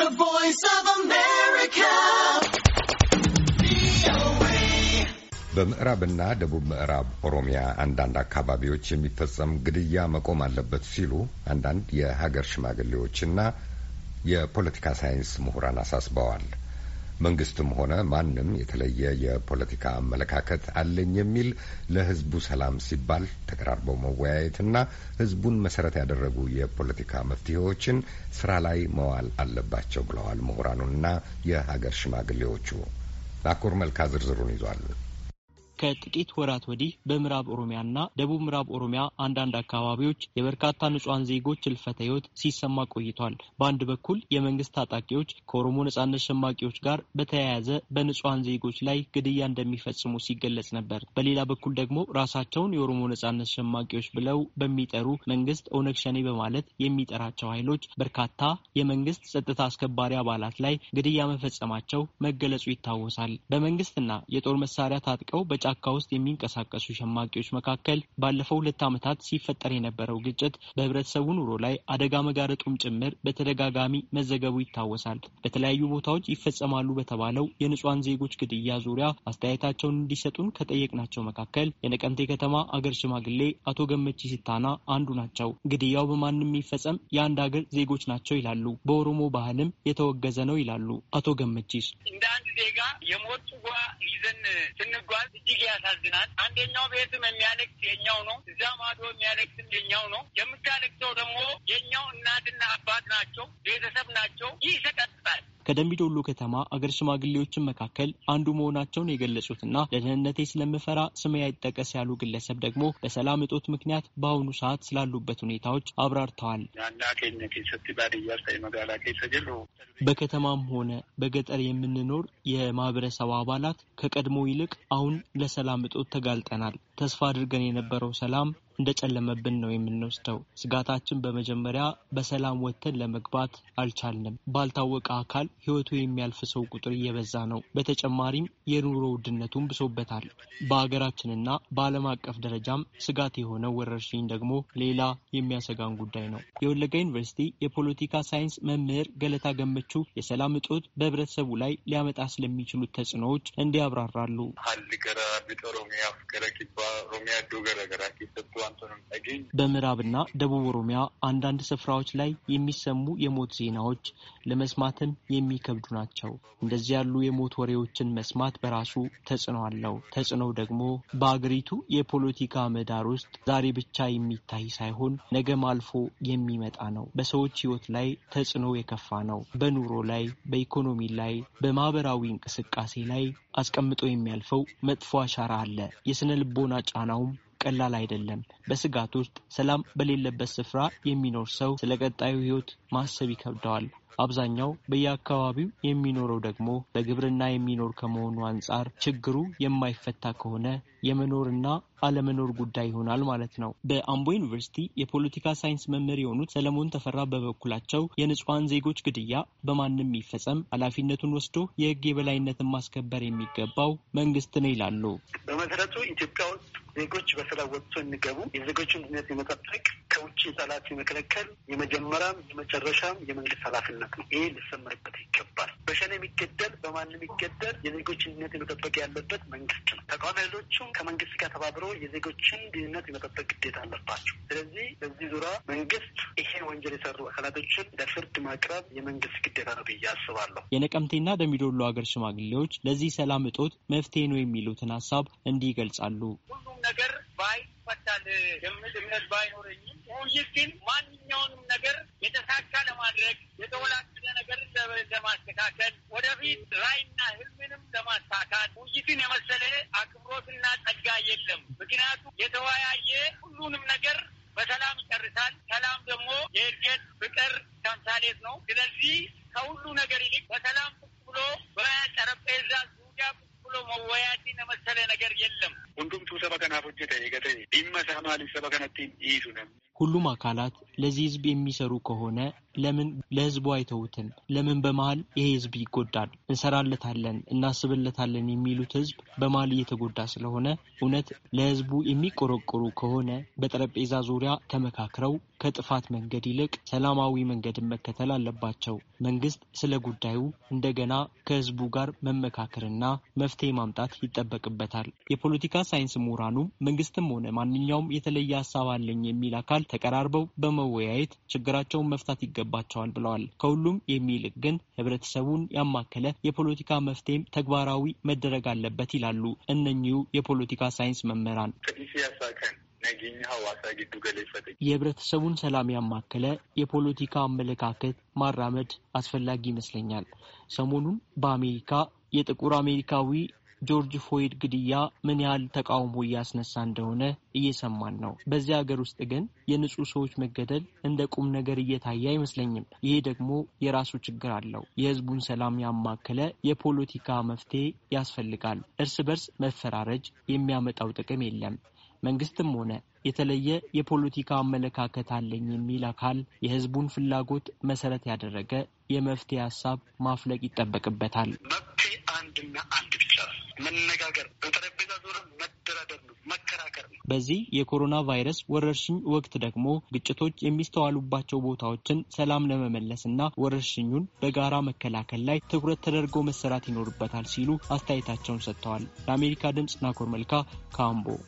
The Voice of America. በምዕራብና ደቡብ ምዕራብ ኦሮሚያ አንዳንድ አካባቢዎች የሚፈጸም ግድያ መቆም አለበት ሲሉ አንዳንድ የሀገር ሽማግሌዎችና የፖለቲካ ሳይንስ ምሁራን አሳስበዋል። መንግስትም ሆነ ማንም የተለየ የፖለቲካ አመለካከት አለኝ የሚል ለህዝቡ ሰላም ሲባል ተቀራርበው መወያየትና ህዝቡን መሰረት ያደረጉ የፖለቲካ መፍትሄዎችን ስራ ላይ መዋል አለባቸው ብለዋል ምሁራኑና የሀገር ሽማግሌዎቹ። ናኮር መልካ ዝርዝሩን ይዟል። ከጥቂት ወራት ወዲህ በምዕራብ ኦሮሚያና ደቡብ ምዕራብ ኦሮሚያ አንዳንድ አካባቢዎች የበርካታ ንጹሐን ዜጎች እልፈተ ህይወት ሲሰማ ቆይቷል። በአንድ በኩል የመንግስት ታጣቂዎች ከኦሮሞ ነጻነት ሸማቂዎች ጋር በተያያዘ በንጹሐን ዜጎች ላይ ግድያ እንደሚፈጽሙ ሲገለጽ ነበር። በሌላ በኩል ደግሞ ራሳቸውን የኦሮሞ ነጻነት ሸማቂዎች ብለው በሚጠሩ መንግስት ኦነግ ሸኔ በማለት የሚጠራቸው ኃይሎች በርካታ የመንግስት ጸጥታ አስከባሪ አባላት ላይ ግድያ መፈጸማቸው መገለጹ ይታወሳል። በመንግስትና የጦር መሳሪያ ታጥቀው በጫ ጫካ ውስጥ የሚንቀሳቀሱ ሸማቂዎች መካከል ባለፈው ሁለት ዓመታት ሲፈጠር የነበረው ግጭት በህብረተሰቡ ኑሮ ላይ አደጋ መጋረጡም ጭምር በተደጋጋሚ መዘገቡ ይታወሳል። በተለያዩ ቦታዎች ይፈጸማሉ በተባለው የንጹሐን ዜጎች ግድያ ዙሪያ አስተያየታቸውን እንዲሰጡን ከጠየቅናቸው መካከል የነቀምቴ ከተማ አገር ሽማግሌ አቶ ገመቺ ሲታና አንዱ ናቸው። ግድያው በማንም የሚፈጸም የአንድ አገር ዜጎች ናቸው ይላሉ። በኦሮሞ ባህልም የተወገዘ ነው ይላሉ አቶ ገመቺስ እንደ አንድ ዜጋ የሞት ጽዋ ይዘን ስንጓዝ እጅግ ያሳዝናል። አንደኛው ቤትም የሚያለቅስ የኛው ነው። እዛ ማዶ የሚያለቅስም የኛው ነው። የምታለቅሰው ደግሞ የኛው እናትና አባት ናቸው፣ ቤተሰብ ናቸው። ይህ ይሰቀጥጣል። ከደምቢዶሎ ከተማ አገር ሽማግሌዎችን መካከል አንዱ መሆናቸውን የገለጹትና ለደህንነቴ ስለምፈራ ስሜ አይጠቀስ ያሉ ግለሰብ ደግሞ በሰላም እጦት ምክንያት በአሁኑ ሰዓት ስላሉበት ሁኔታዎች አብራርተዋል። በከተማም ሆነ በገጠር የምንኖር የማህበረሰብ አባላት ከቀድሞ ይልቅ አሁን ለሰላም እጦት ተጋልጠናል። ተስፋ አድርገን የነበረው ሰላም እንደጨለመብን ነው የምንወስደው። ስጋታችን በመጀመሪያ በሰላም ወጥተን ለመግባት አልቻልንም። ባልታወቀ አካል ህይወቱ የሚያልፍ ሰው ቁጥር እየበዛ ነው። በተጨማሪም የኑሮ ውድነቱን ብሶበታል። በሀገራችንና በዓለም አቀፍ ደረጃም ስጋት የሆነው ወረርሽኝ ደግሞ ሌላ የሚያሰጋን ጉዳይ ነው። የወለጋ ዩኒቨርሲቲ የፖለቲካ ሳይንስ መምህር ገለታ ገመቹ የሰላም እጦት በህብረተሰቡ ላይ ሊያመጣ ስለሚችሉት ተጽዕኖዎች እንዲያብራራሉ። በምዕራብና ደቡብ ኦሮሚያ አንዳንድ ስፍራዎች ላይ የሚሰሙ የሞት ዜናዎች ለመስማትም የሚከብዱ ናቸው። እንደዚህ ያሉ የሞት ወሬዎችን መስማት በራሱ ተጽዕኖ አለው። ተጽዕኖው ደግሞ በአገሪቱ የፖለቲካ ምህዳር ውስጥ ዛሬ ብቻ የሚታይ ሳይሆን ነገም አልፎ የሚመጣ ነው። በሰዎች ሕይወት ላይ ተጽዕኖ የከፋ ነው። በኑሮ ላይ፣ በኢኮኖሚ ላይ፣ በማህበራዊ እንቅስቃሴ ላይ አስቀምጦ የሚያልፈው መጥፎ አሻራ አለ። የስነ ልቦና ጫናውም ቀላል አይደለም። በስጋት ውስጥ ሰላም በሌለበት ስፍራ የሚኖር ሰው ስለ ቀጣዩ ህይወት ማሰብ ይከብደዋል። አብዛኛው በየአካባቢው የሚኖረው ደግሞ በግብርና የሚኖር ከመሆኑ አንጻር ችግሩ የማይፈታ ከሆነ የመኖርና አለመኖር ጉዳይ ይሆናል ማለት ነው። በአምቦ ዩኒቨርሲቲ የፖለቲካ ሳይንስ መምህር የሆኑት ሰለሞን ተፈራ በበኩላቸው የንጹሐን ዜጎች ግድያ በማንም ይፈጸም፣ ኃላፊነቱን ወስዶ የህግ የበላይነትን ማስከበር የሚገባው መንግስት ነው ይላሉ። በመሰረቱ ኢትዮጵያ ውስጥ ዜጎች በስራ ወጥቶ እንገቡ፣ የዜጎችን ድነት የመጠበቅ ከውጭ ጠላት የመከለከል የመጀመሪያም የመጨረሻም የመንግስት ኃላፊነት ነው። ይህ ሊሰመርበት ይገባል። በሸኔ የሚገደል በማንም የሚገደል የዜጎችን ድነት የመጠበቅ ያለበት መንግስት ነው። ተቃዋሚ ኃይሎቹም ከመንግስት ጋር ተባብሮ የዜጎችን ድህነት የመጠበቅ ግዴታ አለባቸው። ስለዚህ በዚህ ዙሪያ መንግስት ይሄ ወንጀል የሰሩ አካላቶችን ለፍርድ ማቅረብ የመንግስት ግዴታ ነው ብዬ አስባለሁ። የነቀምቴና ደሚዶሎ ሀገር ሽማግሌዎች ለዚህ ሰላም እጦት መፍትሄ ነው የሚሉትን ሀሳብ እንዲህ ይገልጻሉ። ነገር ባይፈታል የሚል እምነት ባይኖረኝም፣ ውይይት ግን ማንኛውንም ነገር የተሳካ ለማድረግ የተወላገደ ነገር ለማስተካከል ወደፊት ራይና ህልምንም ለማሳካት ውይይትን የመሰለ አክብሮትና ጸጋ የለም። ምክንያቱም የተወያየ ሁሉንም ነገር በሰላም ይጨርሳል። ሰላም ደግሞ የእድገት ፍቅር ተምሳሌት ነው። ስለዚህ ከሁሉ ነገር ይልቅ በሰላም ብሎ በጠረጴዛ ዙሪያ ብሎ መወያየትን የመሰለ ነገር የለም። ሁንዱምቱ ሰበ ከናፍ ሆጀተ ገተ ዲመ ሰማሊ ሰበ ከነቲን ይይዙ ሁሉም አካላት ለዚህ ህዝብ የሚሰሩ ከሆነ ለምን ለህዝቡ አይተውትም? ለምን በመሀል ይሄ ህዝብ ይጎዳል፣ እንሰራለታለን፣ እናስብለታለን የሚሉት ህዝብ በመሀል እየተጎዳ ስለሆነ እውነት ለህዝቡ የሚቆረቆሩ ከሆነ በጠረጴዛ ዙሪያ ተመካክረው ከጥፋት መንገድ ይልቅ ሰላማዊ መንገድን መከተል አለባቸው። መንግስት ስለ ጉዳዩ እንደገና ከህዝቡ ጋር መመካከርና መፍትሄ ማምጣት ይጠበቅበታል። የፖለቲካ ሳይንስ ምሁራኑም መንግስትም ሆነ ማንኛውም የተለየ ሀሳብ አለኝ የሚል አካል ተቀራርበው በመወያየት ችግራቸውን መፍታት ይገባቸዋል ብለዋል። ከሁሉም የሚልቅ ግን ህብረተሰቡን ያማከለ የፖለቲካ መፍትሄም ተግባራዊ መደረግ አለበት ይላሉ እነኚሁ የፖለቲካ ሳይንስ መምህራን። የህብረተሰቡን ሰላም ያማከለ የፖለቲካ አመለካከት ማራመድ አስፈላጊ ይመስለኛል። ሰሞኑን በአሜሪካ የጥቁር አሜሪካዊ ጆርጅ ፎይድ ግድያ ምን ያህል ተቃውሞ እያስነሳ እንደሆነ እየሰማን ነው። በዚህ ሀገር ውስጥ ግን የንጹህ ሰዎች መገደል እንደ ቁም ነገር እየታየ አይመስለኝም። ይሄ ደግሞ የራሱ ችግር አለው። የህዝቡን ሰላም ያማከለ የፖለቲካ መፍትሄ ያስፈልጋል። እርስ በርስ መፈራረጅ የሚያመጣው ጥቅም የለም። መንግስትም ሆነ የተለየ የፖለቲካ አመለካከት አለኝ የሚል አካል የህዝቡን ፍላጎት መሰረት ያደረገ የመፍትሄ ሀሳብ ማፍለቅ ይጠበቅበታል። መፍትሄ አንድና አንድ መነጋገር በጠረጴዛ ዙሪያ መደራደር ነው፣ መከራከር ነው። በዚህ የኮሮና ቫይረስ ወረርሽኝ ወቅት ደግሞ ግጭቶች የሚስተዋሉባቸው ቦታዎችን ሰላም ለመመለስ እና ወረርሽኙን በጋራ መከላከል ላይ ትኩረት ተደርጎ መሰራት ይኖርበታል ሲሉ አስተያየታቸውን ሰጥተዋል። ለአሜሪካ ድምፅ ናኮር መልካ ካምቦ